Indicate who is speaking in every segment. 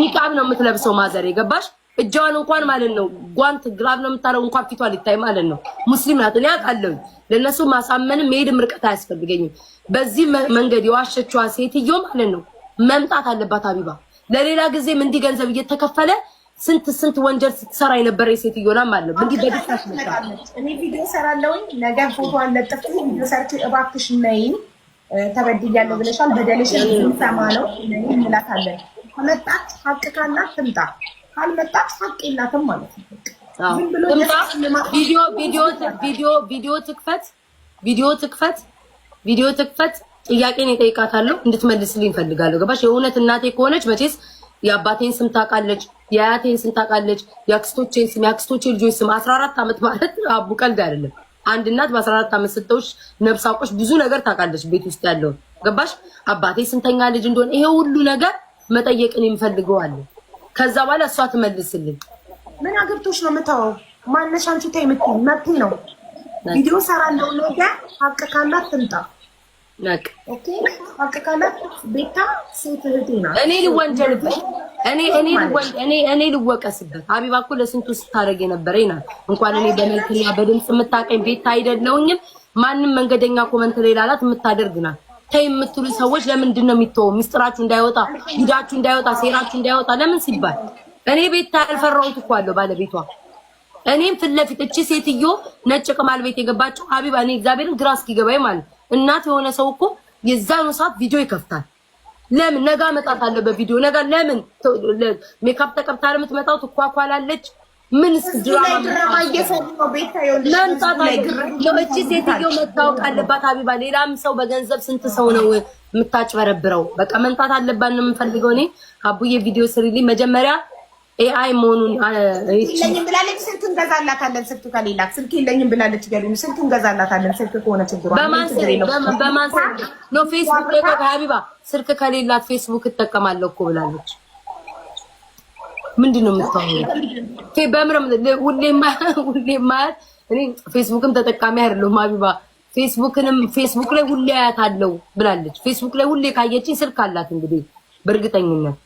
Speaker 1: ኒቃብ ነው የምትለብሰው ማዘር የገባሽ እጃዋን እንኳን ማለት ነው ጓንት ግራብ ነው የምታረው እንኳን ፊቷ ሊታይ ማለት ነው። ሙስሊም ናት እኔ አውቃለሁ። ለእነሱ ማሳመንም መሄድም ርቀት አያስፈልገኝም። በዚህ መንገድ የዋሸችዋ ሴትዮ ማለት ነው መምጣት አለባት አቢባ። ለሌላ ጊዜም እንዲህ ገንዘብ እየተከፈለ ስንት ስንት ወንጀል ስትሰራ የነበረ ሴትዮ ናት ማለት ነው። እንዲህ በዲስካሽ
Speaker 2: እኔ ቪዲዮ ሰራለውኝ ነገ ፎቶ አለጠፍ ቪዲዮ ሰርቼ እባክሽ ነይን ተበድያለሁ ብለሻል፣ በደልሽ ሰማ ነው እንላታለን ከመጣች ሀቅ ካላት ትምጣ፣ ካልመጣች ሀቅ የላትም ማለት ነው።
Speaker 1: ቪዲዮ ትክፈት፣ ቪዲዮ ትክፈት፣ ቪዲዮ ትክፈት። ጥያቄን የጠይቃታለሁ እንድትመልስልኝ እፈልጋለሁ። ገባሽ? የእውነት እናቴ ከሆነች መቼስ የአባቴን ስም ታውቃለች፣ የአያቴን ስም ታውቃለች፣ የአክስቶቼን ስም፣ የአክስቶቼ ልጆች ስም። አስራ አራት ዓመት ማለት አቡ ቀልድ አይደለም። አንድ እናት በአስራ አራት ዓመት ስትተውሽ ነብስ አውቆሽ ብዙ ነገር ታውቃለች ቤት ውስጥ ያለውን ገባሽ? አባቴ ስንተኛ ልጅ እንደሆነ ይሄ ሁሉ ነገር መጠየቅን የሚፈልገው ከዛ በኋላ እሷ ትመልስልን።
Speaker 2: ምን አገብቶች ነው የምታወው? ማነሽ አንቺ ተይ የምትይኝ መብት ነው። ቪዲዮ ሰራለሁ ነገ። ሀቅ ካላት ትምጣ። ሀቅ ካላት ቤታ ሴት እህቴ ናት።
Speaker 1: እኔ ልወንጀልበት፣ እኔ ልወቀስበት። ሀቢባ እኮ ለስንቱ ስታደርግ የነበረ ናት። እንኳን እኔ በመልክና በድምፅ የምታቀኝ ቤታ አይደለውኝም። ማንም መንገደኛ ኮመንት ላይ ላላት የምታደርግ ናት። ተይ የምትሉ ሰዎች ለምንድን ነው የሚተው? ሚስጥራችሁ እንዳይወጣ፣ ጉዳችሁ እንዳይወጣ፣ ሴራችሁ እንዳይወጣ ለምን ሲባል እኔ ቤት ታልፈራውት እኮ አለው ባለቤቷ። እኔም ፊት ለፊት እቺ ሴትዮ ነጭ ቅማል ቤት የገባችው ሀቢባ፣ እኔ እግዚአብሔርን ግራ እስኪገባኝ ማለት እናት የሆነ ሰው እኮ የዛኑ ሰዓት ቪዲዮ ይከፍታል። ለምን ነጋ መጣት አለው በቪዲዮ ነጋ። ለምን ሜካፕ ተቀብታ ለምትመጣው ትኳኳላለች ምን ድራማ እየሰሩ ነው? እቺ ሴትዮ መታወቅ አለባት። አቢባ ሌላም ሰው በገንዘብ ስንት ሰው ነው የምታጭበረብረው? በቃ መንታት አለባት ነው የምፈልገው። እኔ አቡዬ ቪዲዮ ስሪልኝ መጀመሪያ ኤአይ መሆኑን
Speaker 2: የለኝም ብላለች። ስልክ እንገዛላታለን። ስልክ ከሌላት ስልክ የለኝም ብላለች። ገ ስልክ እንገዛላታለን። ስልክ ከሆነ ችግሯ
Speaker 1: በማን ነው? ፌስቡክ ላይ ሀቢባ ስልክ ከሌላት ፌስቡክ እጠቀማለሁ እኮ ብላለች። ምንድን ነው የምታወሪው? በምረም ሁሌ ማያት እኔ ፌስቡክም ተጠቃሚ አይደለሁም። አቢባ ፌስቡክንም ፌስቡክ ላይ ሁሌ አያታለሁ ብላለች። ፌስቡክ ላይ ሁሌ ካየችኝ ስልክ አላት እንግዲህ በእርግጠኝነት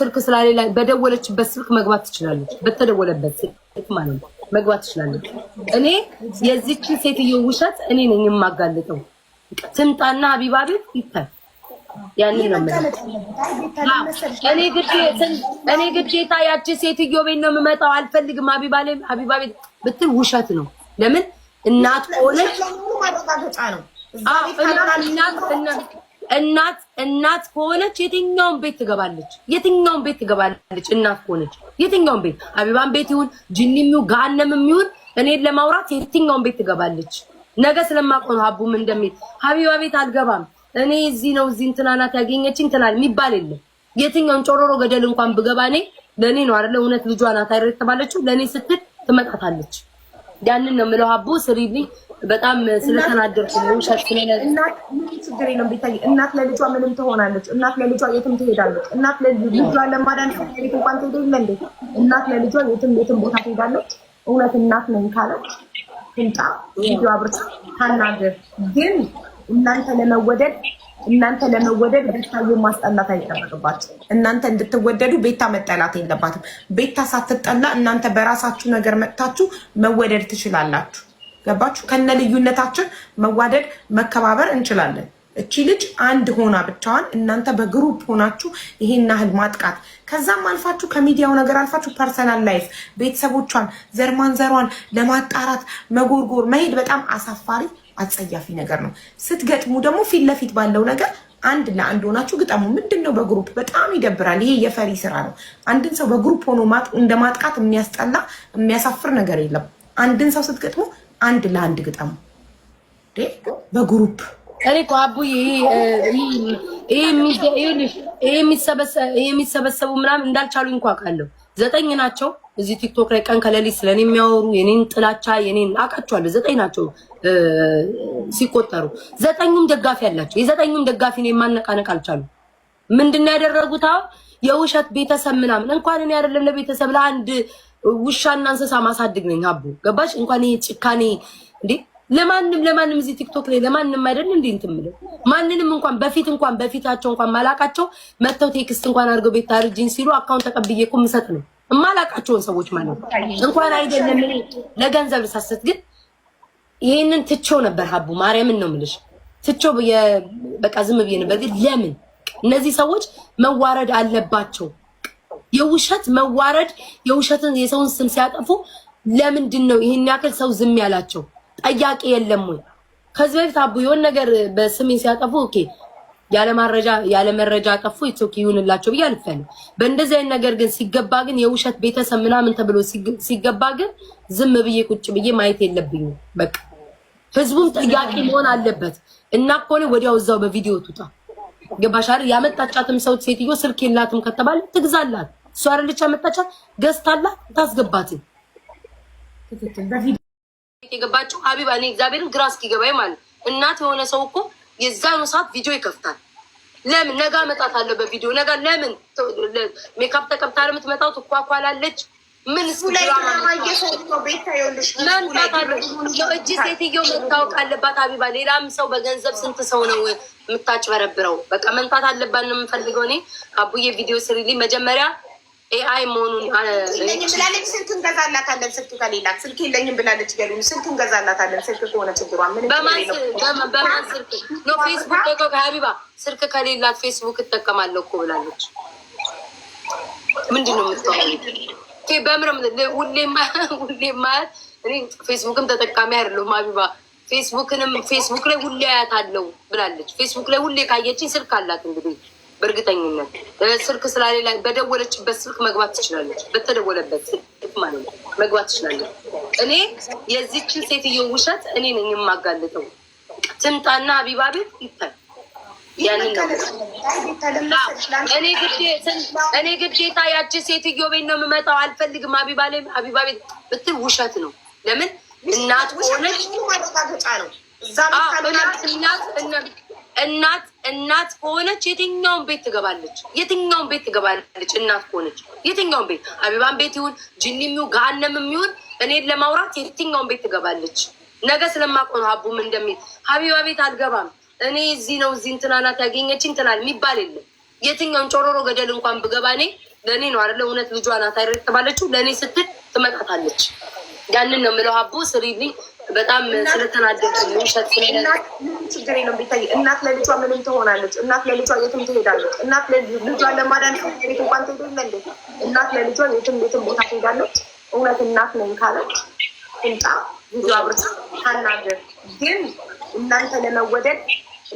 Speaker 1: ስልክ ስላሌላ በደወለችበት ስልክ መግባት ትችላለች። በተደወለበት ስልክ ማለት ነው መግባት ትችላለች። እኔ የዚችን ሴትዮ ውሸት እኔ ነኝ የማጋልጠው። ትምጣና አቢባ ቤት ይታይ ያንን ነው እኔ ግዴታ ያቺ ሴትዮ ቤት ነው የምመጣው። አልፈልግም አቢባ አቢባ ቤት ብትል ውሸት ነው። ለምን እናት ከሆነች እናት እናት ከሆነች የትኛውን ቤት ትገባለች? የትኛውን ቤት ትገባለች? እናት ከሆነች የትኛውን ቤት አቢባን ቤት ይሁን ጅኒሚው ገሃነምም ይሁን እኔን ለማውራት የትኛውን ቤት ትገባለች? ነገ ስለማቆ ነው ሀቡም እንደሚል ሀቢባ ቤት አልገባም እኔ እዚህ ነው እዚህ እንትናናት ያገኘች እንትናል የሚባል የለም። የትኛውን ጮሮሮ ገደል እንኳን ብገባ እኔ ለእኔ ነው አይደለ? እውነት ልጇ ናት አይደል የተባለችው ለእኔ ስትል ትመጣታለች። ያንን ነው የምለው። ሀቦ ስሪልኝ በጣም ስለተናደርኩ ነው። ሸክኔ
Speaker 2: እናት ችግር የለም ቢታይ እናት ለልጇ ምንም ትሆናለች። እናት ለልጇ የትም ትሄዳለች። እናት ልጇ ለማዳን ቤት እንኳን ትሄደ የለ እንዴ! እናት ለልጇ የትም የትም ቦታ ትሄዳለች። እውነት እናት ነኝ ካለች ትምጣ ልጇ አብርታ ታናገር ግን እናንተ ለመወደድ እናንተ ለመወደድ ቤታዬ ማስጠላት አይጠበቅባት
Speaker 1: እናንተ እንድትወደዱ ቤታ መጠላት የለባትም። ቤታ ሳትጠላ እናንተ በራሳችሁ ነገር መጥታችሁ መወደድ ትችላላችሁ። ገባችሁ? ከነ ልዩነታችን መዋደድ መከባበር እንችላለን። እቺ ልጅ አንድ ሆና ብቻዋን እናንተ በግሩፕ ሆናችሁ ይሄን ያህል ማጥቃት፣ ከዛም አልፋችሁ ከሚዲያው ነገር አልፋችሁ ፐርሰናል ላይፍ ቤተሰቦቿን፣ ዘርማን ዘሯን ለማጣራት መጎርጎር መሄድ በጣም አሳፋሪ አጸያፊ ነገር ነው። ስትገጥሙ ደግሞ ፊት ለፊት ባለው ነገር አንድ ለአንድ ሆናችሁ ግጠሙ። ምንድን ነው በግሩፕ በጣም ይደብራል። ይሄ የፈሪ ስራ ነው። አንድን ሰው በግሩፕ ሆኖ እንደ ማጥቃት የሚያስጠላ የሚያሳፍር ነገር የለም። አንድን ሰው ስትገጥሙ አንድ ለአንድ ግጠሙ በግሩፕ እኔ እኮ አቡዬ ይሄ የሚሰበሰቡ ምናምን እንዳልቻሉኝ እንኳ አውቃለሁ ዘጠኝ ናቸው። እዚህ ቲክቶክ ላይ ቀን ከሌሊት ስለኔ የሚያወሩ የኔን ጥላቻ የኔን አውቃቸዋለሁ። ዘጠኝ ናቸው ሲቆጠሩ፣ ዘጠኙም ደጋፊ አላቸው። የዘጠኙም ደጋፊ ነው የማነቃነቅ አልቻሉ። ምንድነው ያደረጉት? አሁን የውሸት ቤተሰብ ምናምን እንኳን እኔ አይደለም ለቤተሰብ ለአንድ ውሻና እንስሳ ማሳድግ ነኝ። አቦ ገባሽ? እንኳን ይሄ ጭካኔ እንዴ ለማንም ለማንም እዚህ ቲክቶክ ላይ ለማንም አይደል እንዴ እንትን የምለው ማንንም እንኳን በፊት እንኳን በፊታቸው እንኳን ማላቃቸው መተው ቴክስት እንኳን አድርገው ቤት ታርጅኝ ሲሉ አካውንት ተቀብዬ እኮ የምሰጥ ነው እማላቃቸውን ሰዎች ማለት ነው። እንኳን አይደለም ለገንዘብ ሳሰት ግን ይሄንን ትቼው ነበር። ሀቡ ማርያምን ነው የምልሽ ትቼው በቃ ዝም ብዬ ነበር። ግን ለምን እነዚህ ሰዎች መዋረድ አለባቸው? የውሸት መዋረድ የውሸትን የሰውን ስም ሲያጠፉ ለምንድን ነው ይሄን ያክል ሰው ዝም ያላቸው? ጠያቂ የለም ወይ? ከዚህ በፊት አቡ የሆን ነገር በስሜን ሲያጠፉ ኦኬ ያለማረጃ ያለመረጃ አጠፉ ኢትዮክ ይሁንላቸው ብዬ አልፈን። በእንደዚህ አይነት ነገር ግን ሲገባ ግን የውሸት ቤተሰብ ምናምን ተብሎ ሲገባ ግን ዝም ብዬ ቁጭ ብዬ ማየት የለብኝም። በቃ ህዝቡም ጠያቂ መሆን አለበት እና ኮኔ ወዲያው እዛው በቪዲዮ ትውጣ። ገባሻር አይደል? ያመጣጫትም ሰው ሴትዮ ስልክ የላትም ከተባለ ትግዛላት። እሷ አይደለች ያመጣጫት ገዝታላት ታስገባት። የገባቸው ሀቢባ እኔ እግዚአብሔርን ግራ እስኪገባኝ ማለት እናት የሆነ ሰው እኮ የዛኑ ሰዓት ቪዲዮ ይከፍታል። ለምን ነጋ መጣት አለ በቪዲዮ ነጋ ለምን ሜካፕ ተቀብታ ለምትመጣው ትኳኳላለች። ምን መምጣት እጅ ሴትየው መታወቅ አለባት። ሀቢባ ሌላም ሰው በገንዘብ ስንት ሰው ነው የምታጭበረብረው? በቃ መምጣት አለባት ነው የምንፈልገው። እኔ አቡዬ ቪዲዮ ስሪልኝ መጀመሪያ ኤአይ መሆኑን
Speaker 2: የለኝም ብላለች። ስልክ እንገዛላታለን። ስልክ ከሌላት ስልክ የለኝም ብላለች። ገ ስልክ እንገዛላታለን። ስልክ ከሆነ ችግሯ
Speaker 1: በማን ስልክ ፌስቡክ ደግሞ ሀቢባ ስልክ ከሌላት ፌስቡክ እጠቀማለሁ እኮ ብላለች። ምንድን ነው ሁሌማ እኔ ፌስቡክም ተጠቃሚ አይደለሁም ሀቢባ ፌስቡክንም ፌስቡክ ላይ ሁሌ አያታለሁ ብላለች። ፌስቡክ ላይ ሁሌ ካየችኝ ስልክ አላት እንግዲህ በእርግጠኝነት ስልክ ስለሌላ በደወለችበት ስልክ መግባት ትችላለች። በተደወለበት ስልክ ማለት ነው መግባት ትችላለች። እኔ የዚችን ሴትዮ ውሸት እኔ ነኝ የማጋልጠው። ትምጣና አቢባ ቤት ይታይ። እኔ ግዴታ ያቺ ሴትዮ ቤት ነው የምመጣው። አልፈልግም አቢባ ላይ አቢባ ቤት ብትል ውሸት ነው። ለምን እናት ሆነች ነው እናት እናት እናት ከሆነች የትኛውን ቤት ትገባለች? የትኛውን ቤት ትገባለች? እናት ከሆነች የትኛውን ቤት አቢባን ቤት ይሁን ጅኒ የሚሆን ገሃነም የሚሆን እኔን ለማውራት የትኛውን ቤት ትገባለች? ነገ ስለማቆ ነው ሀቡም እንደሚል ሀቢባ ቤት አልገባም እኔ እዚህ ነው እዚህ እንትናናት ያገኘች እንትናል የሚባል የለም። የትኛውን ጮሮሮ ገደል እንኳን ብገባ እኔ ለእኔ ነው አለ እውነት ልጇ ናት አይረጥባለችው ለእኔ ስትል ትመጣታለች። ያንን ነው ምለው ሀቡ ስሪልኝ በጣም ስለተናደድኩ ውሸት
Speaker 2: ችግር ነው። ቢታይ እናት ለልጇ ምንም ትሆናለች። እናት ለልጇ የትም ትሄዳለች። እናት ልጇ ለማዳን ቤት እንኳን ትሄዳለ። እናት ለልጇ የትም ቤትም ቦታ ትሄዳለች። እውነት እናት ነኝ ካለች ትምጣ፣ ልጇ ብርታ ታናገር። ግን እናንተ ለመወደድ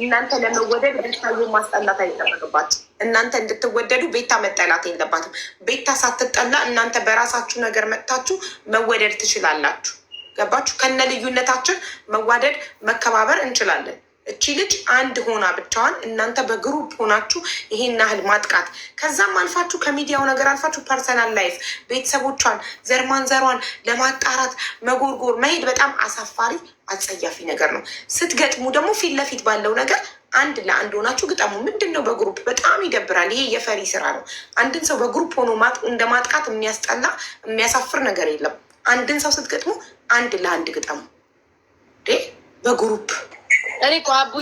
Speaker 2: እናንተ ለመወደድ ቤታዩ ማስጠላት አይጠበቅባቸው።
Speaker 1: እናንተ እንድትወደዱ ቤታ መጠላት የለባትም። ቤታ ሳትጠላ እናንተ በራሳችሁ ነገር መጥታችሁ መወደድ ትችላላችሁ። ገባችሁ? ከነ ልዩነታችን መዋደድ መከባበር እንችላለን። እቺ ልጅ አንድ ሆና ብቻዋን እናንተ በግሩፕ ሆናችሁ ይሄን ያህል ማጥቃት፣ ከዛም አልፋችሁ ከሚዲያው ነገር አልፋችሁ ፐርሰናል ላይፍ ቤተሰቦቿን፣ ዘርማን ዘሯን ለማጣራት መጎርጎር መሄድ በጣም አሳፋሪ አጸያፊ ነገር ነው። ስትገጥሙ ደግሞ ፊት ለፊት ባለው ነገር አንድ ለአንድ ሆናችሁ ግጠሙ። ምንድን ነው በግሩፕ በጣም ይደብራል። ይሄ የፈሪ ስራ ነው። አንድን ሰው በግሩፕ ሆኖ እንደ ማጥቃት የሚያስጠላ የሚያሳፍር ነገር የለም። አንድን ሰው ስትገጥሙ አንድ ለአንድ ግጠሙ። በግሩፕ እኔ እኮ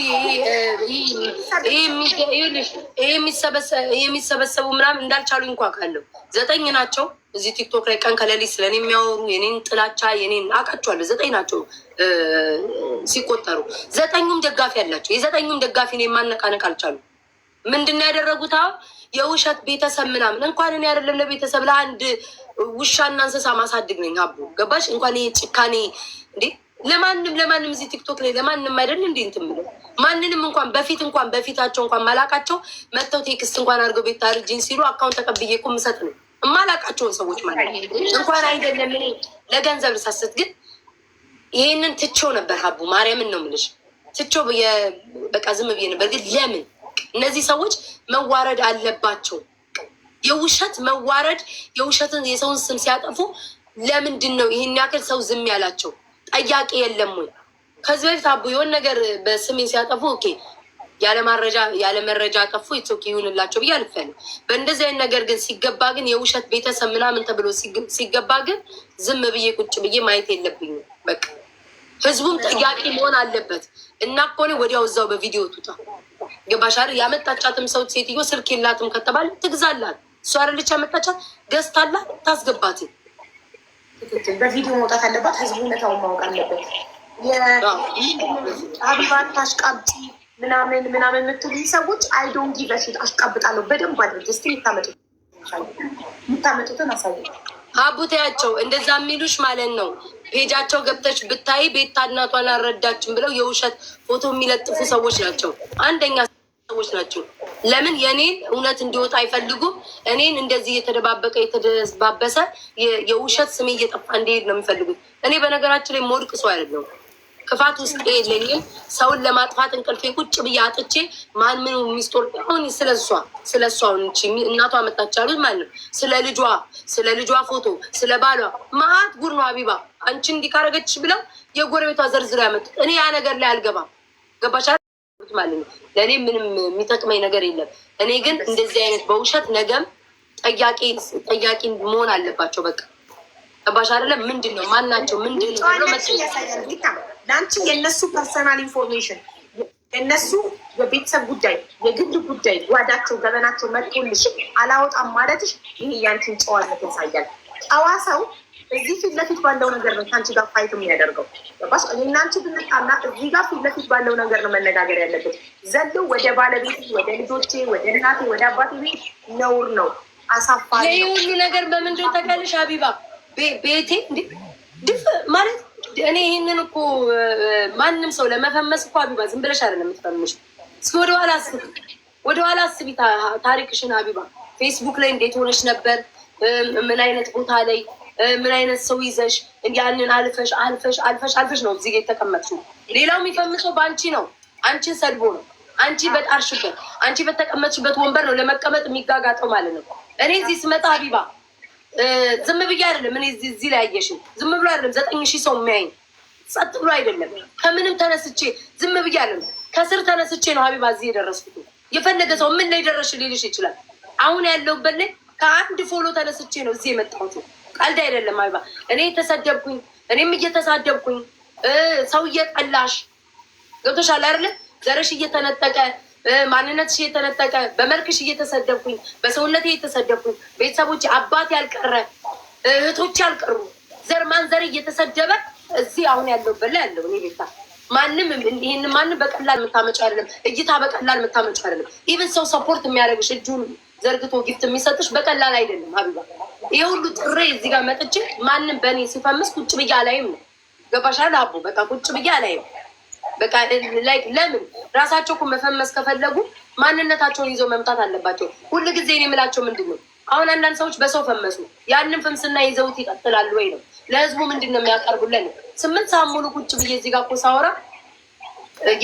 Speaker 1: የሚሰበሰቡ ምናምን እንዳልቻሉ እንኳ ካለው ዘጠኝ ናቸው። እዚህ ቲክቶክ ላይ ቀን ከሌሊት ስለኔ የሚያወሩ የኔን ጥላቻ የኔን አውቃቸዋለሁ። ዘጠኝ ናቸው ሲቆጠሩ፣ ዘጠኙም ደጋፊ አላቸው። የዘጠኙም ደጋፊ እኔን ማነቃነቅ አልቻሉ። ምንድን ነው ያደረጉት? የውሸት ቤተሰብ ምናምን እንኳን እኔ አይደለም ለቤተሰብ ለአንድ ውሻና እንስሳ ማሳድግ ነኝ። አቦ ገባሽ? እንኳን ይሄ ጭካኔ እንዴ ለማንም ለማንም እዚህ ቲክቶክ ላይ ለማንም አይደል እንዴ እንትን ብለው ማንንም እንኳን በፊት እንኳን በፊታቸው እንኳን ማላቃቸው መጥተው ቴክስት እንኳን አድርገው ቤት ታርጅን ሲሉ አካውንት ተቀብዬ እኮ የምሰጥ ነው እማላቃቸውን ሰዎች ማለት እንኳን አይደለም እኔ ለገንዘብ ልሳሰት። ግን ይሄንን ትቼው ነበር ሀቡ ማርያምን ነው የምልሽ ትቼው በቃ ዝም ብዬ ነበር። ግን ለምን እነዚህ ሰዎች መዋረድ አለባቸው? የውሸት መዋረድ የውሸትን የሰውን ስም ሲያጠፉ ለምንድን ነው ይህን ያክል ሰው ዝም ያላቸው? ጠያቂ የለም ወይ? ከዚህ በፊት አቡ የሆን ነገር በስሜ ሲያጠፉ ኦኬ ያለመረጃ ጠፉ ኢትዮክ ይሁንላቸው ብዬ አልፈል። በእንደዚህ አይነት ነገር ግን ሲገባ ግን የውሸት ቤተሰብ ምናምን ተብሎ ሲገባ ግን ዝም ብዬ ቁጭ ብዬ ማየት የለብኝም። በቃ ህዝቡም ጠያቂ መሆን አለበት እና ከሆነ ወዲያው እዛው በቪዲዮ ትውጣ ገባሻል። ያመጣጫትም ሰው ሴትዮ ስልክ የላትም ከተባለ ትግዛላት። እሷ አረልቻ መጣቻ ገዝታላ ታስገባት።
Speaker 2: ትክክል። በቪዲዮ መውጣት አለባት። ህዝቡ እውነታውን ማወቅ አለበት። አቢባን ታሽቃብጪ ምናምን ምናምን የምትሉ ሰዎች አይዶን ጊ ጊቨሽት አሽቃብጣለሁ በደንብ አድርግ ስ የምታመጡትን አሳይ።
Speaker 1: አቡታያቸው እንደዛ የሚሉሽ ማለት ነው። ፔጃቸው ገብተሽ ብታይ ቤታ እናቷን አልረዳችም ብለው የውሸት ፎቶ የሚለጥፉ ሰዎች ናቸው። አንደኛ ሰዎች ናቸው። ለምን የእኔን እውነት እንዲወጣ አይፈልጉም? እኔን እንደዚህ እየተደባበቀ የተደባበሰ የውሸት ስም እየጠፋ እንዲሄድ ነው የሚፈልጉት። እኔ በነገራችን ላይ መውድቅ ሰው አይደለሁም። ክፋት ውስጥ የለኝም። ሰውን ለማጥፋት እንቅልፌ ቁጭ ብዬ አጥቼ ማን ምን ሚስጦር ሁን ስለ እሷ ስለ እሷ እናቷ መጣች አሉት ማለት ነው። ስለ ልጇ ስለ ልጇ ፎቶ ስለ ባሏ መዓት ጉር ነው። አቢባ አንቺ እንዲህ ካረገች ብለው የጎረቤቷ ዘርዝር ያመጡት እኔ ያ ነገር ላይ አልገባም። ገባሻ ማለት ነው። ለእኔ ምንም የሚጠቅመኝ ነገር የለም። እኔ ግን እንደዚህ አይነት በውሸት ነገም ጠያቂ መሆን አለባቸው። በቃ ጠባሽ አይደለም። ምንድን ነው ማናቸው? ምንድን ነው
Speaker 2: ለአንቺ የእነሱ ፐርሰናል ኢንፎርሜሽን የእነሱ የቤተሰብ ጉዳይ፣ የግድ ጉዳይ፣ ጓዳቸው፣ ገበናቸው መጥቶልሽ አላወጣም ማለትሽ ይህ ያንቺን ጨዋነት ያሳያል። ጨዋ ሰው እዚህ ፊት ለፊት ባለው ነገር ነው ከአንቺ ጋር ፋይት የሚያደርገው። ገባሽ? እናንቺ ብንጣና እዚህ ጋር ፊት ለፊት ባለው ነገር ነው መነጋገር ያለበት። ዘሎ ወደ ባለቤት፣ ወደ ልጆቼ፣ ወደ እናቴ፣ ወደ አባቴ ቤት ነውር ነው፣
Speaker 1: አሳፋሪ ነው። ይህ ሁሉ ነገር በምንድን ተቀልሽ ሀቢባ? ቤቴ እንዲ ድፍ ማለት እኔ ይህንን እኮ ማንም ሰው ለመፈመስ እኮ ሀቢባ ዝም ብለሽ አይደለም የምትፈምሽ። እስኪ ወደኋላ አስቢ፣ ወደኋላ አስቢ ታሪክሽን ሀቢባ። ፌስቡክ ላይ እንዴት ሆነች ነበር? ምን አይነት ቦታ ላይ ምን አይነት ሰው ይዘሽ ያንን አልፈሽ አልፈሽ አልፈሽ አልፈሽ ነው እዚህ ነው። ሌላው የሚፈምሰው በአንቺ ነው። አንቺን ሰድቦ ነው። አንቺ በጣርሽበት አንቺ በተቀመጥሽበት ወንበር ነው ለመቀመጥ የሚጋጋጠው ማለት ነው። እኔ እዚህ ስመጣ ሀቢባ ዝም ብዬ አይደለም። እኔ እዚህ ላይ አየሽኝ፣ ዝም ብሎ አይደለም ዘጠኝ ሺህ ሰው የሚያይኝ ጸጥ ብሎ አይደለም። ከምንም ተነስቼ ዝም ብዬ አይደለም፣ ከስር ተነስቼ ነው ሀቢባ እዚህ የደረስኩት። የፈለገ ሰው ምን ላይ ደረሽ ሊልሽ ይችላል። አሁን ያለሁበት ላይ ከአንድ ፎሎ ተነስቼ ነው እዚህ የመጣሁት። ቀልድ አይደለም አልባ እኔ የተሰደብኩኝ እኔም እየተሳደብኩኝ ሰው እየጠላሽ ገብቶሻል አይደለ? ዘርሽ እየተነጠቀ ማንነትሽ እየተነጠቀ በመልክሽ እየተሰደብኩኝ በሰውነቴ እየተሰደብኩኝ ቤተሰቦች አባት ያልቀረ እህቶች ያልቀሩ ዘር ማን ዘር እየተሰደበ እዚህ አሁን ያለሁበት ላይ ያለው እኔ ቤታ ማንም ይህን ማንም በቀላል የምታመጭ አይደለም። እይታ በቀላል የምታመጪው አይደለም። ኢቨን ሰው ሰፖርት የሚያደርግሽ እጁን ዘርግቶ ጊፍት የሚሰጥሽ በቀላል አይደለም ሀቢባ። ይሄ ሁሉ ጥሬ እዚህ ጋር መጥቼ ማንም በእኔ ሲፈምስ ቁጭ ብዬ አላይም ነው ገባሻል? አቦ በቃ ቁጭ ብዬ አላይም። በቃ ለምን ራሳቸው እኮ መፈመስ ከፈለጉ ማንነታቸውን ይዘው መምጣት አለባቸው። ሁሉ ጊዜ እኔ የምላቸው ምንድን ነው አሁን አንዳንድ ሰዎች በሰው ፈመሱ፣ ያንን ፍምስና ይዘውት ይቀጥላሉ ወይ ነው ለህዝቡ ምንድን ነው የሚያቀርቡለን? ስምንት ሰዓት ሙሉ ቁጭ ብዬ እዚህ ጋር እኮ ሳወራ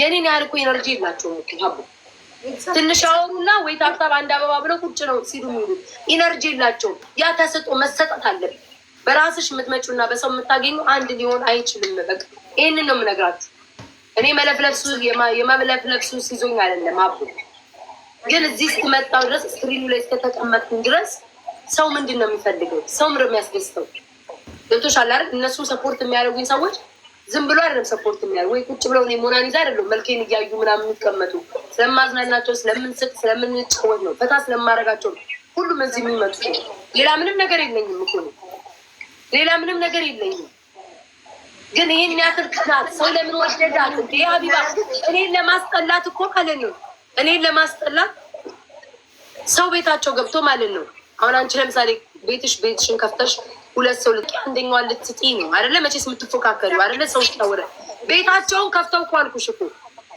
Speaker 1: የኔን ያህል እኮ ኤነርጂ የላቸውም ሀቡ ትንሽ አወሩና ወይ ታብታብ አንድ አበባ ብለው ቁጭ ነው ሲሉ ሚሉ ኢነርጂ የላቸው ያ ተሰጦ መሰጠት አለብን። በራስሽ የምትመጪው እና በሰው የምታገኙ አንድ ሊሆን አይችልም። በቃ ይህንን ነው የምነግራችሁ። እኔ መለፍለፍሱ የመለፍለፍሱ ሲዞኝ አይደለም አቡ ግን እዚህ እስክመጣው ድረስ ስክሪኑ ላይ እስከተቀመጥኩኝ ድረስ ሰው ምንድን ነው የሚፈልገው? ሰው ምር የሚያስደስተው ገብቶሻል አይደል? እነሱ ሰፖርት የሚያደርጉኝ ሰዎች ዝም ብሎ አይደለም ሰፖርት የሚያል ወይ ቁጭ ብለው እኔ ሞናሊዛ አይደለም መልኬን እያዩ ምናምን የሚቀመጡ ስለማዝናናቸው፣ ስለምንስቅ፣ ስለምንጫወት ነው ፈታ ስለማረጋቸው ነው። ሁሉም እዚህ የሚመጡ ሌላ ምንም ነገር የለኝም እኮ ነው። ሌላ ምንም ነገር የለኝም። ግን ይህን ያክል ቅናት ሰው ለምን ወደዳት እንዴ? ሀቢባ እኔን ለማስጠላት እኮ ማለት ነው። እኔን ለማስጠላት ሰው ቤታቸው ገብቶ ማለት ነው። አሁን አንቺ ለምሳሌ ቤትሽ ቤትሽን ከፍተሽ ሁለት ሰው ልቅ አንደኛው ልትጢ ነው አይደለ? መቼስ የምትፎካከሪ አይደለ? ሰው ታወረ ቤታቸውን ከፍተው እኮ አልኩሽ እኮ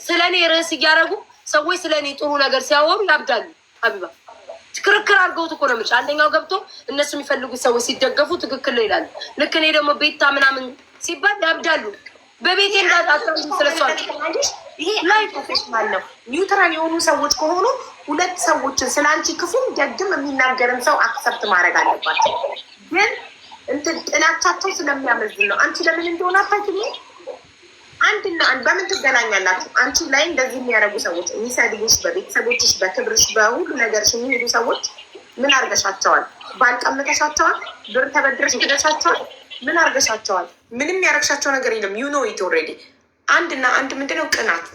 Speaker 1: ስለ እኔ ርዕስ እያደረጉ ሰዎች ስለ እኔ ጥሩ ነገር ሲያወሩ ያብዳሉ። ሀቢባ ክርክር አድርገውት እኮ ነው የምልሽ። አንደኛው ገብቶ እነሱ የሚፈልጉት ሰዎች ሲደገፉ ትክክል ነው ይላሉ። ልክ እኔ ደግሞ ቤታ ምናምን ሲባል ያብዳሉ። በቤቴ እንዳጣጣም ስለሷል።
Speaker 2: ይሄ ላይ ፕሮፌሽናል ነው። ኒውትራል የሆኑ ሰዎች ከሆኑ ሁለት ሰዎችን ስለ አንቺ ክፉም ደግም የሚናገርን ሰው አክሰፕት ማድረግ አለባቸው ግን እንትን ጥላቻቸው ስለሚያመዝን ነው። አንቺ ለምን እንደሆነ አታውቂም። አንድና አንድ በምን ትገናኛላችሁ? አንቺ ላይ እንደዚህ የሚያደርጉ ሰዎች የሚሰድቡሽ፣ በቤተሰቦችሽ፣ በክብርሽ፣ በሁሉ ነገርሽ የሚሄዱ ሰዎች ምን አርገሻቸዋል? ባልቀምተሻቸዋል? ብር ተበድረሽ ግደሻቸዋል? ምን አርገሻቸዋል? ምንም ያደረግሻቸው ነገር የለም። ኖ ኢት ኦልሬዲ አንድና አንድ ምንድነው? ቅናት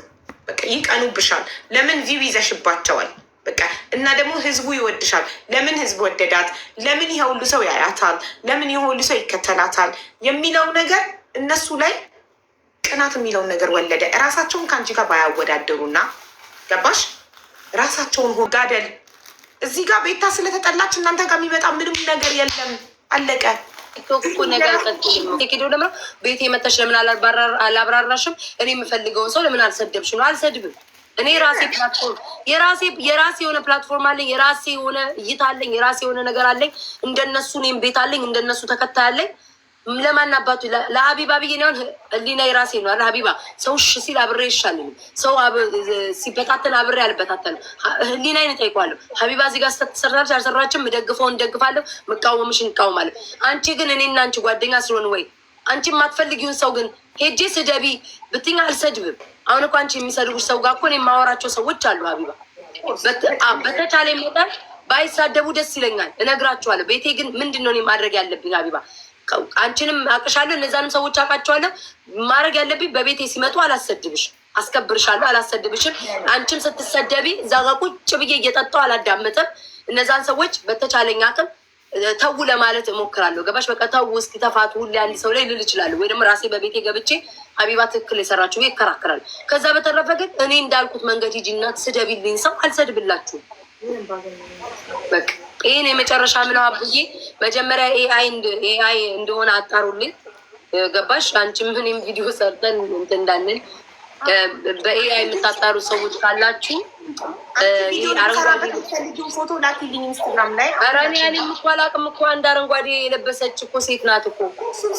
Speaker 2: በቃ ይቀኑብሻል። ለምን ቪው ይዘሽባቸዋል? በቃ እና ደግሞ ህዝቡ ይወድሻል። ለምን ህዝብ ወደዳት? ለምን ይሄ ሁሉ ሰው ያያታል? ለምን ይሄ ሁሉ ሰው ይከተላታል? የሚለው ነገር እነሱ ላይ ቅናት የሚለውን ነገር ወለደ። እራሳቸውን ከአንቺ ጋር ባያወዳደሩና ገባሽ? ራሳቸውን ጋደል እዚህ ጋር ቤታ ስለተጠላች እናንተ ጋር የሚመጣ ምንም ነገር የለም። አለቀ።
Speaker 1: ቴክዶ ደግሞ ቤት የመተሽ ለምን አላብራራሽም? እኔ የምፈልገውን ሰው ለምን አልሰደብሽም? አልሰድብም እኔ ራሴ ፕላትፎርም የራሴ የራሴ የሆነ ፕላትፎርም አለኝ። የራሴ የሆነ እይታ አለኝ። የራሴ የሆነ ነገር አለኝ። እንደነሱ እኔም ቤት አለኝ። እንደነሱ ተከታይ አለኝ። ለማናባቱ ለሀቢባ ብዬ ሆን ህሊና የራሴ ነው። ሀቢባ ሰው እሺ ሲል አብሬ ይሻለኝ፣ ሰው ሲበታተን አብሬ አልበታተን ህሊናዬን እጠይቀዋለሁ። ሀቢባ እዚህ ጋር ስትሰራች አልሰራችም፣ እደግፈውን እንደግፋለሁ፣ መቃወምሽን እንቃወማለሁ። አንቺ ግን እኔና አንቺ ጓደኛ ስለሆን ወይ አንቺ የማትፈልጊውን ሰው ግን ሄጄ ስደቢ ብትኝ አልሰድብም። አሁን እኮ አንቺ የሚሰድቡሽ ሰው ጋር እኮ የማወራቸው ሰዎች አሉ። ሀቢባ በተቻለ መጠን ባይሳደቡ ደስ ይለኛል። እነግራችኋለሁ። ቤቴ ግን ምንድን ነው እኔ ማድረግ ያለብኝ? ሀቢባ አንቺንም አቅሻለሁ፣ እነዛንም ሰዎች አውቃቸዋለሁ። ማድረግ ያለብኝ በቤቴ ሲመጡ አላሰድብሽ፣ አስከብርሻለሁ፣ አላሰድብሽም። አንቺም ስትሰደቢ እዛ ጋር ቁጭ ብዬ እየጠጣሁ አላዳመጥም። እነዛን ሰዎች በተቻለኝ አቅም ተው ለማለት እሞክራለሁ። ገባሽ? በቃ ተው እስኪ ተፋት ሁሌ አንድ ሰው ላይ ልል እችላለሁ፣ ወይ ደግሞ ራሴ በቤቴ ገብቼ ሀቢባ ትክክል የሰራችሁ ብዬ ይከራከራል። ከዛ በተረፈ ግን እኔ እንዳልኩት መንገድ ሂጂና ስደቢልኝ ሰው አልሰድብላችሁም። በቃ ይህን የመጨረሻ ምለው አብዬ መጀመሪያ ኤአይ ኤአይ እንደሆነ አጣሩልኝ። ገባሽ? አንቺም እኔም ቪዲዮ ሰርተን እንትን እንዳንል በኤአይ የምታጣሩ ሰዎች ካላችሁ
Speaker 2: ፎቶ ላኪልኝ
Speaker 1: እኮ አንድ አረንጓዴ የለበሰች እኮ ሴት ናት እኮ።
Speaker 2: እሱን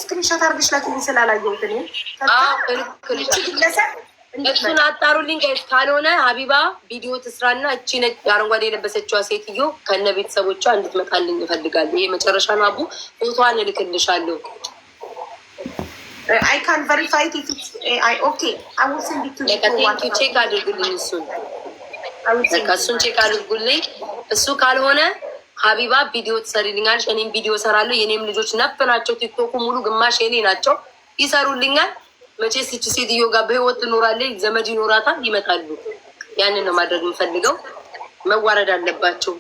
Speaker 2: አድርገሽ ላኪልኝ ስላላየሁት እኔ
Speaker 1: እሱን አጣሩልኝ ጋይስ። ካልሆነ ሀቢባ ቪዲዮ ትስራና እቺ አረንጓዴ የለበሰችዋ ሴትዮ ከነ ቤተሰቦቿ እንድትመጣልኝ እፈልጋለሁ። ይሄ መጨረሻ ነው። አቡ ፎቶዋን እልክልሻለሁ። አሁን ቼክ eh, አድርግልኝ እሱን እሱን ቼክ አድርጉልኝ። እሱ ካልሆነ ሀቢባ ቪዲዮ ትሰሪልኛለች፣ እኔም ቪዲዮ ሰራለሁ። የኔም ልጆች ነፍ ናቸው። ቲክቶኩ ሙሉ ግማሽ የኔ ናቸው፣ ይሰሩልኛል። መቼ ስች ሴትዮ ጋር በህይወት ትኖራለች፣ ዘመድ ይኖራታል፣ ይመጣሉ። ያንን ነው ማድረግ የምፈልገው። መዋረድ አለባቸው።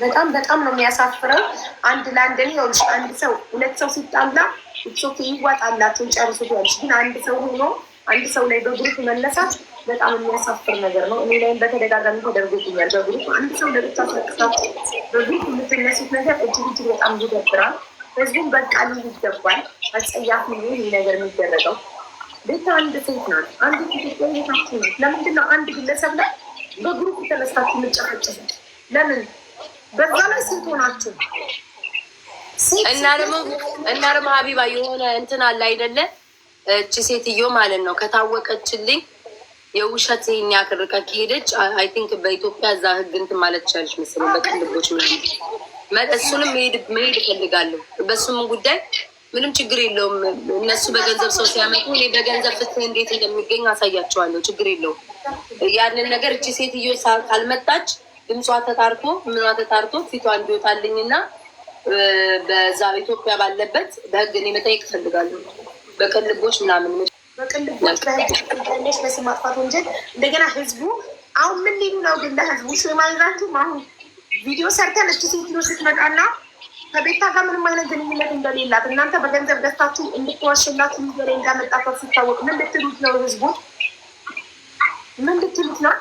Speaker 2: በጣም በጣም ነው የሚያሳፍረው። አንድ ለአንድ እኔ አንድ ሰው ሁለት ሰው ሲጣላ ይዋጣላቸውን ጨርሱ ያለች፣ ግን አንድ ሰው ሆኖ አንድ ሰው ላይ በግሩፕ መነሳት በጣም የሚያሳፍር ነገር ነው። እኔ ላይም በተደጋጋሚ ተደርጎብኛል። በግሩፕ አንድ ሰው ለብቻ ሰቅሳት በግሩፕ የምትነሱት ነገር እጅግ እጅግ በጣም ይደብራል። ህዝቡም በቃ ሊል ይገባል። አጸያፊ ነው ይህ ነገር የሚደረገው። ቤት አንድ ሴት ናት፣ አንድ ኢትዮጵያ ቤታችሁ ናት። ለምንድን ነው አንድ ግለሰብ ላይ በግሩፕ ተነሳችሁ የምጨፈጭፉት? ለምን በዛ ላይ ሴት ሆናችሁ
Speaker 1: እና ደግሞ እና ደግሞ ሀቢባ የሆነ እንትን አለ አይደለ? እቺ ሴትዮ ማለት ነው ከታወቀችልኝ የውሸት ይህን ያክል ከሄደች አይ ቲንክ በኢትዮጵያ እዛ ህግ እንትን ማለት ትችላለች መሰለኝ። በቅልቦች ምናምን እሱንም መሄድ እፈልጋለሁ። በሱም ጉዳይ ምንም ችግር የለውም። እነሱ በገንዘብ ሰው ሲያመጡ እኔ በገንዘብ ፍትህ እንዴት እንደሚገኝ አሳያቸዋለሁ። ችግር የለውም። ያንን ነገር እቺ ሴትዮ ካልመጣች ድምጿ ተጣርቶ ምኗ ተጣርቶ ፊቷ እንዲወጣልኝና በዛ ኢትዮጵያ ባለበት በህግ እኔ መጠየቅ እፈልጋለሁ። በቅልቦች ምናምን
Speaker 2: በቅልቦች በቅልቦች በስም ማጥፋት ወንጀል እንደገና ህዝቡ አሁን ምን ሊሉ ነው? ግን ለህዝቡ አሁን ቪዲዮ ሰርተን እች ስትመጣና ከቤታ ጋር ምንም አይነት ግንኙነት እንደሌላት እናንተ በገንዘብ ደስታችሁ እንድትዋሽላት ሚዘሬ ሲታወቅ ምን ልትሉት ነው? ህዝቡ ምን ልትሉት ነው?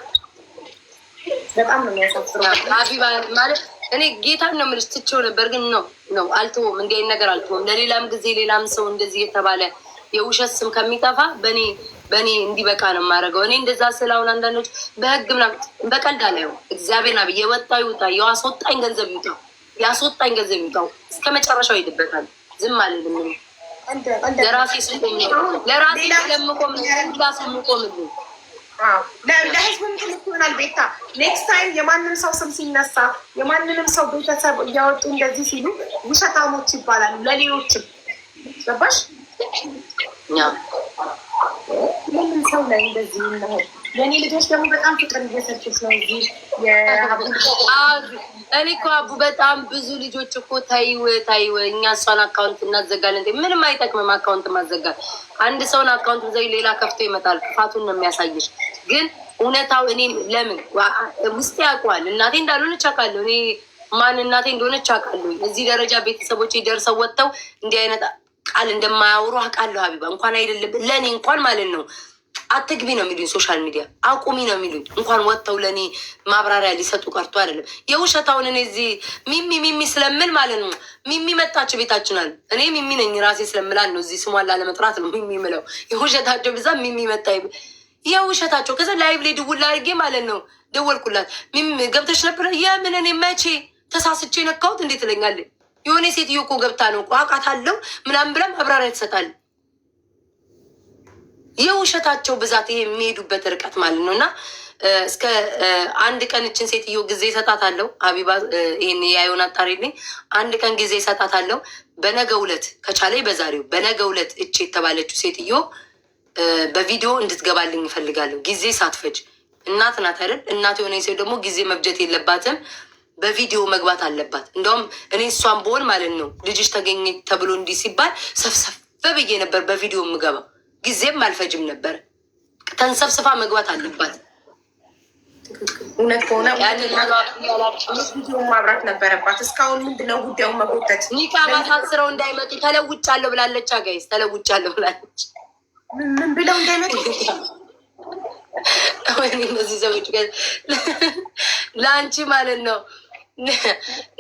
Speaker 2: በጣም ነው
Speaker 1: የሚያሳፍረው። ማለት እኔ ጌታን ነው የምልሽ። ትቼው ነበር ግን ነው ነው አልተወም፣ እንዲህ ነገር አልተወም። ለሌላም ጊዜ ሌላም ሰው እንደዚህ የተባለ የውሸት ስም ከሚጠፋ በእኔ በእኔ እንዲበቃ ነው የማደርገው። እኔ እንደዛ ስል አሁን አንዳንዶች በህግ ምናምን በቀልድ አላየው። እግዚአብሔር አብ የወጣ ይውጣ፣ ያስወጣኝ ገንዘብ ይውጣው፣ የአስወጣኝ ገንዘብ ይውጣው። እስከ መጨረሻው ይሄድበታል። ዝም አልልም። ለራሴ ስለኛ ለራሴ ስለምቆም ስለምቆም
Speaker 2: ለህዝብ ትምህርት ይሆናል። ቤታ ኔክስት ታይም የማንም ሰው ስም ሲነሳ የማንንም ሰው ቤተሰብ እያወጡ እንደዚህ ሲሉ ውሸታሞች ይባላሉ ለሌሎችም ገባሽ? ምንም ሰው ላይ እንደዚህ ነው። የእኔ ልጆች ደግሞ በጣም ፍቅር እየሰጡት ነው። እዚህ
Speaker 1: እኔ እኮ አቡ በጣም ብዙ ልጆች እኮ ተይው ተይው፣ እኛ እሷን አካውንት እናዘጋለን። ምንም አይጠቅምም አካውንት ማዘጋል። አንድ ሰውን አካውንት ዘይ ሌላ ከፍቶ ይመጣል። ክፋቱን ነው የሚያሳይሽ። ግን እውነታው እኔ ለምን ውስጥ ያውቀዋል። እናቴ እንዳልሆነች አውቃለሁ። እኔ ማን እናቴ እንደሆነች አውቃለሁ። እዚህ ደረጃ ቤተሰቦች ደርሰው ወጥተው እንዲህ አይነት ቃል እንደማያወሩ አውቃለሁ። ሀቢባ እንኳን አይደለም ለእኔ እንኳን ማለት ነው አትግቢ ነው የሚሉኝ፣ ሶሻል ሚዲያ አቁሚ ነው የሚሉኝ። እንኳን ወጥተው ለእኔ ማብራሪያ ሊሰጡ ቀርቶ አይደለም የውሸታውን እኔ እዚህ ሚሚ ሚሚ ስለምል ማለት ነው። ሚሚ መጣቸው ቤታችን አለ። እኔ ሚሚ ነኝ ራሴ ስለምላል ነው እዚህ ስሟን ላለመጥራት ነው ሚሚ ምለው። የውሸታቸው ብዛ ሚሚ መጣ የውሸታቸው። ከዛ ላይቭ ላይ ድውል አድርጌ ማለት ነው ደወልኩላት። ሚሚ ገብተች ነበረ የምንን መቼ ተሳስቼ ነካሁት እንዴት ትለኛለች የሆነ ሴትዮ እኮ ገብታ ነው ቋቃት አለው ምናምን ብላም አብራሪያ ትሰጣል። የውሸታቸው ብዛት ይሄ የሚሄዱበት ርቀት ማለት ነው እና እስከ አንድ ቀን እችን ሴትዮ ጊዜ እሰጣታለሁ። አቢባ ይህን የአዮን አጣሪ አንድ ቀን ጊዜ እሰጣታለሁ። በነገ ውለት ከቻለኝ በዛሬው በነገ ውለት እች የተባለችው ሴትዮ በቪዲዮ እንድትገባልኝ ይፈልጋለሁ። ጊዜ ሳትፈጅ እናት ናት አይደል? እናት የሆነ ሰው ደግሞ ጊዜ መብጀት የለባትም። በቪዲዮ መግባት አለባት። እንደውም እኔ እሷን በሆን ማለት ነው ልጅሽ ተገኘ ተብሎ እንዲህ ሲባል ሰፍሰፍ ብዬ ነበር በቪዲዮ የምገባ ጊዜም አልፈጅም ነበር። ተንሰብስፋ መግባት አለባት።
Speaker 2: እውነት ከሆነ ማብራት ነበረባት። እስካሁን ምንድነው ጉዳዩ መጎተት
Speaker 1: ኒካባ ታስረው እንዳይመጡ ተለውጫለሁ ብላለች። አጋይዝ ተለውጫለሁ ብላለች።
Speaker 2: ምን ብለው እንዳይመጡ
Speaker 1: ወይ እነዚህ ሰዎች ለአንቺ ማለት ነው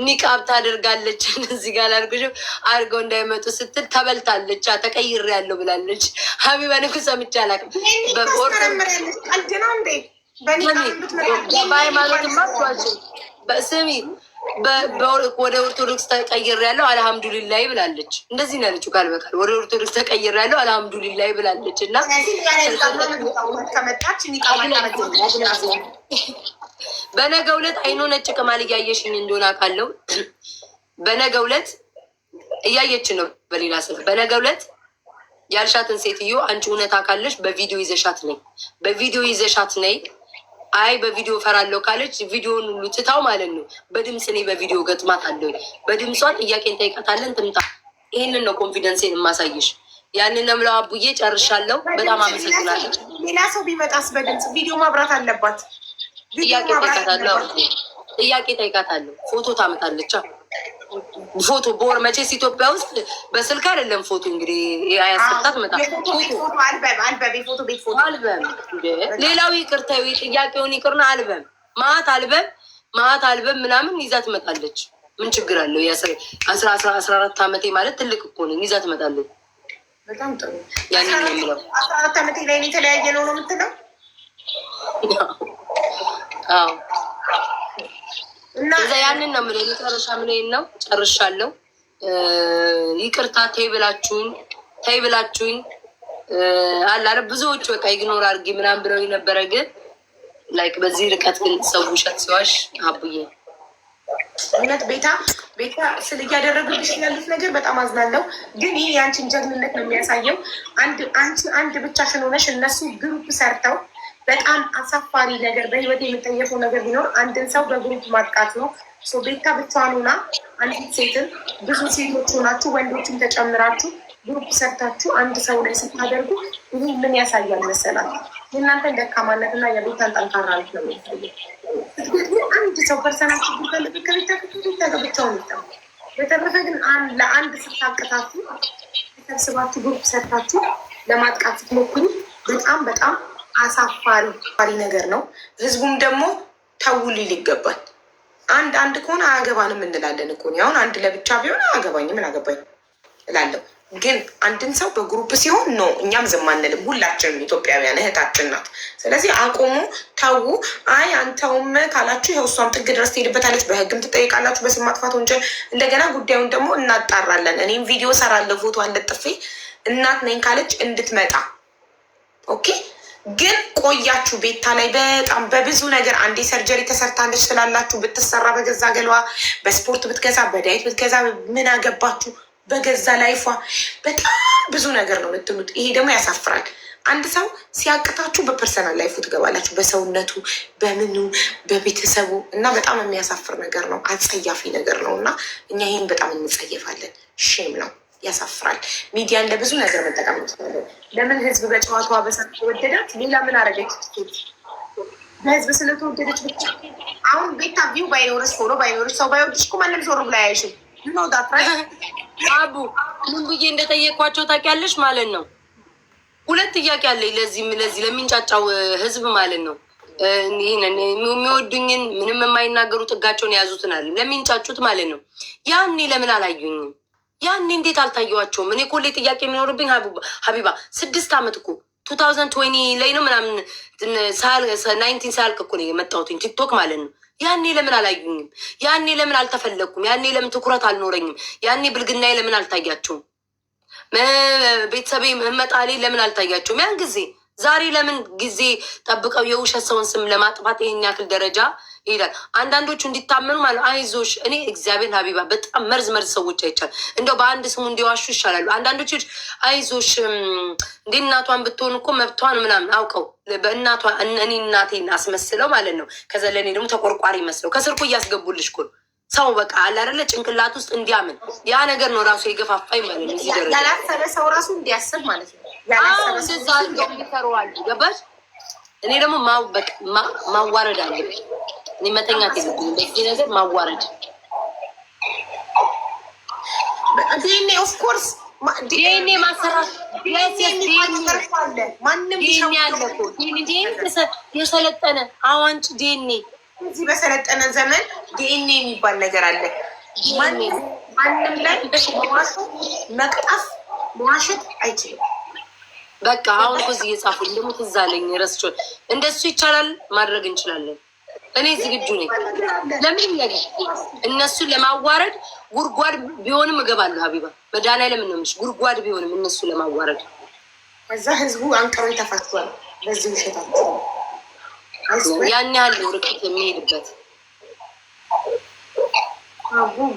Speaker 1: ኒቃብ ታደርጋለች። እዚህ ጋር ላርጉሽም አድርገው እንዳይመጡ ስትል ተበልታለች፣ ተቀይር ያለው ብላለች። ሀቢባ እኮ ሰምቼ አላውቅም። በሃይማኖትማ ስሚ ወደ ኦርቶዶክስ ተቀይር ያለው አልሐምዱሊላህ ብላለች። እንደዚህ ነው ያለችው ቃል በቃል ወደ ኦርቶዶክስ ተቀይር ያለው አልሐምዱሊላህ ብላለች እና በነገ ውለት አይኖ ነጭ ቅማል እያየሽኝ እንደሆነ አውቃለሁ። በነገ ውለት እያየች ነው። በሌላ ስልክ በነገ ውለት ያልሻትን ሴትዮ አንቺ እውነት አካለች በቪዲዮ ይዘሻት ነይ፣ በቪዲዮ ይዘሻት ነይ። አይ በቪዲዮ ፈራለሁ ካለች ቪዲዮን ሁሉ ትታው ማለት ነው። በድምፅ እኔ በቪዲዮ ገጥማት አለሁ። በድምጿን ጥያቄን እንጠይቃታለን። ትምጣ። ይህንን ነው ኮንፊደንሴን የማሳይሽ። ያንን ነው የምለው። አቡዬ ጨርሻለሁ። በጣም አመሰግናለሁ።
Speaker 2: ሌላ ሰው ቢመጣስ በድምፅ ቪዲዮ ማብራት አለባት።
Speaker 1: ጥያቄ ጠይቃታለሁ ጥያቄ ጠይቃታለሁ። ፎቶ ታመጣለች። ፎቶ በወር መቼስ ኢትዮጵያ ውስጥ በስልክ አይደለም። ፎቶ እንግዲህ አያስፈታት መጣ አልበም። ሌላው ይቅርታ ጥያቄውን ይቅርና አልበም ማአት አልበም ማአት አልበም ምናምን ይዛ ትመጣለች። ምን ችግር አለው? አስራ አራት ዓመቴ ማለት ትልቅ እኮ ነው። ይዛ ትመጣለች። በጣም ጥሩ ያኔ ነው የምለው አስራ አራት ዓመቴ ላይ የተለያየ ነው ነው የምትለው እዛ ያንን ነው የምልህ። መጨረሻ ምን ነው ጨርሻለሁ። ይቅርታ ተይ ብላችሁኝ ተይ ብላችሁኝ አለ አረ ብዙዎች በቃ ይግኖር አድርጌ ምናምን ብለው የነበረ ግን ላይክ በዚህ ርቀት ግን ሰው ውሸት ሲዋሽ አቡዬ እውነት ቤታ ቤታ ስል እያደረጉብሽ ያሉት ነገር በጣም አዝናለሁ፣ ግን ይህ የአንቺን ጀግንነት ነው የሚያሳየው። አንድ አንቺ አንድ ብቻሽን ሆነሽ እነሱ ግሩፕ ሰርተው በጣም አሳፋሪ ነገር በህይወት የምጠየፈው ነገር ቢኖር አንድን ሰው በግሩፕ ማጥቃት ነው። ቤታ ብቻዋን ሆና አንዲት ሴትን ብዙ ሴቶች ሆናችሁ ወንዶችን ተጨምራችሁ ግሩፕ ሰርታችሁ አንድ ሰው ላይ ስታደርጉ ይህ ምን ያሳያል መሰላል? የእናንተን ደካማነት እና የቤታን ጠንካራነት ነው የሚያሳየው። አንድ ሰው ፐርሰናችሁ ቢፈልግ ከቤታ ቤታ ብቻውን ይጠ በተረፈ ግን ለአንድ ስታቅታችሁ ተሰብስባችሁ ግሩፕ ሰርታችሁ ለማጥቃት ስትሞክሩ በጣም በጣም አሳፋሪ ነገር ነው። ህዝቡም ደግሞ ተው ሊል ይገባል። አንድ አንድ ከሆነ አያገባንም እንላለን እኮ አሁን አንድ ለብቻ ቢሆን አያገባኝ ምን አገባኝ እላለሁ። ግን አንድን ሰው በግሩፕ ሲሆን ነው እኛም ዝም አንልም። ሁላችንም ኢትዮጵያውያን እህታችን ናት። ስለዚህ አቁሙ፣ ተዉ። አይ አንተውም ካላችሁ ይኸው እሷም ጥግ ድረስ ትሄድበታለች፣ በህግም ትጠይቃላችሁ፣ በስም ማጥፋት ወንጀል። እንደገና ጉዳዩን ደግሞ እናጣራለን። እኔም ቪዲዮ ሰራለሁ፣ ፎቶ አለጥፌ እናት ነኝ ካለች እንድትመጣ ኦኬ ግን ቆያችሁ ቤታ ላይ በጣም በብዙ ነገር አንዴ ሰርጀሪ ተሰርታለች ትላላችሁ። ብትሰራ በገዛ ገለዋ በስፖርት ብትገዛ በዳይት ብትገዛ ምን አገባችሁ? በገዛ ላይፏ በጣም ብዙ ነገር ነው የምትሉት። ይሄ ደግሞ ያሳፍራል። አንድ ሰው ሲያቅታችሁ በፐርሰናል ላይፉ ትገባላችሁ፣ በሰውነቱ፣ በምኑ፣ በቤተሰቡ እና በጣም የሚያሳፍር ነገር ነው። አጸያፊ ነገር ነው እና እኛ ይህን በጣም እንጸየፋለን። ሼም ነው። ያሳፍራል። ሚዲያን ለብዙ ነገር መጠቀም ይችላለን። ለምን ህዝብ በጨዋታዋ በሰብ ወደዳት? ሌላ ምን አረገች? በህዝብ ስለተወደደች ብቻ። አሁን ቤታ ቪው ባይኖርስ ሆኖ ባይኖርሽ ሰው ባይወድሽ እኮ ማንም ዞር ብላ ያይሽም አቡ ምን ብዬ እንደጠየቅኳቸው ታውቂያለሽ ማለት ነው። ሁለት ጥያቄ አለኝ ለዚህም ለዚህ ለሚንጫጫው ህዝብ ማለት ነው። የሚወዱኝን ምንም የማይናገሩ ጥጋቸውን የያዙትን አለ ለሚንጫጩት ማለት ነው። ያኔ ለምን አላዩኝም? ያኔ እንዴት አልታየዋቸውም? እኔ ኮሌ ጥያቄ የሚኖርብኝ ሀቢባ ስድስት ዓመት እኮ ቱ ታውዘንድ ትዌኒ ላይ ነው ምናምን ናይንቲን ሳያልቅ እኮ ነው የመጣሁትኝ ቲክቶክ ማለት ነው። ያኔ ለምን አላዩኝም? ያኔ ለምን አልተፈለግኩም? ያኔ ለምን ትኩረት አልኖረኝም? ያኔ ብልግናዬ ለምን አልታያቸውም? ቤተሰቤ መጣሌ ለምን አልታያቸውም? ያን ጊዜ ዛሬ ለምን ጊዜ ጠብቀው የውሸት ሰውን ስም ለማጥፋት ይህን ያክል ደረጃ ይላል። አንዳንዶቹ እንዲታመኑ ማለት አይዞሽ። እኔ እግዚአብሔር ሀቢባ በጣም መርዝ መርዝ ሰዎች አይቻል እንደው በአንድ ስሙ እንዲዋሹ ይሻላሉ። አንዳንዶች አይዞሽ እንደ እናቷን ብትሆን እኮ መብቷን ምናምን አውቀው በእናቷ እኔ እናቴን አስመስለው ማለት ነው። ከዛ ለእኔ ደግሞ ተቆርቋሪ መስለው ከስር እያስገቡልሽ እኮ ሰው በቃ አለ ጭንቅላት ውስጥ እንዲያምን ያ ነገር ነው ራሱ የገፋፋኝ ማለት ነው። ያላሰበ ሰው ራሱ እንዲያስብ ማለት ነው። ገባሽ? እኔ ደግሞ ማዋረድ አለብኝ እኔ መተኛት የለብኝም። ነገር ማዋረድ ዲኔ ኦፍኮርስ ዲኤንኤ ማሰራት የሰለጠነ አዋንጭ ዲኤንኤ እዚህ በሰለጠነ ዘመን ዲኤንኤ የሚባል ነገር አለ። ማንም ላይ መቅጣፍ መዋሸት አይችልም። በቃ አሁን እዚህ እየጻፉ ደግሞ ትዝ አለኝ ረስቼው እንደሱ ይቻላል ማድረግ እንችላለን። እኔ ዝግጁ ነኝ። ለምን ያለ እነሱን ለማዋረድ ጉድጓድ ቢሆንም እገባለሁ። ሀቢባ መድኃኒዓለም ለምን ነው የምልሽ? ጉድጓድ ቢሆንም እነሱ ለማዋረድ እዛ ህዝቡ አንቀሮ ተፋቷል። በዚህ ውሸታቸው ያን ያህል ርቀት የሚሄድበት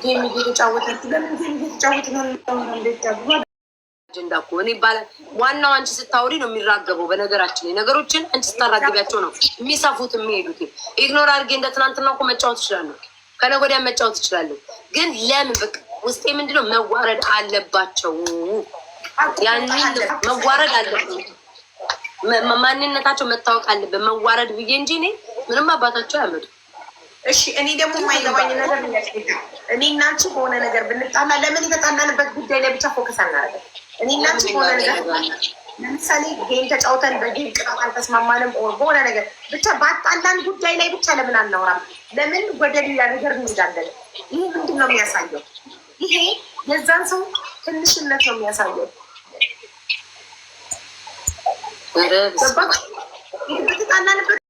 Speaker 1: ጌም እየተጫወተ ለምን ጌም እየተጫወተ ነው? አጀንዳ እኮ እኔ ይባላል። ዋናው አንቺ ስታወሪ ነው የሚራገበው። በነገራችን ላይ ነገሮችን አንቺ ስታራግቢያቸው ነው የሚሰፉት የሚሄዱት። ኢግኖር አድርጌ እንደ ትናንትና እኮ መጫወት እችላለሁ፣ ከነገ ወዲያ መጫወት እችላለሁ። ግን ለምን በቃ ውስጤ ምንድነው መዋረድ አለባቸው፣ ያንን መዋረድ አለባቸው፣ ማንነታቸው መታወቅ አለበ መዋረድ ብዬ እንጂ እኔ ምንም አባታቸው ያመጡ እሺ እኔ ደግሞ የማይገባኝ ነገር እኔ እናንቺ በሆነ ነገር ብንጣላ ለምን የተጣላንበት ጉዳይ ላይ ብቻ ፎከስ አናደርግም? እኔ እናንቺ በሆነ ነገር ለምሳሌ ጌም ተጫውተን በጌም ቅጣት አልተስማማንም፣ በሆነ ነገር ብቻ በአጣላን ጉዳይ ላይ ብቻ ለምን አናወራም? ለምን ወደ ሌላ ነገር እንሄዳለን? ይህ ምንድን ነው የሚያሳየው? ይሄ የዛን ሰው ትንሽነት ነው የሚያሳየው። በተጣላንበት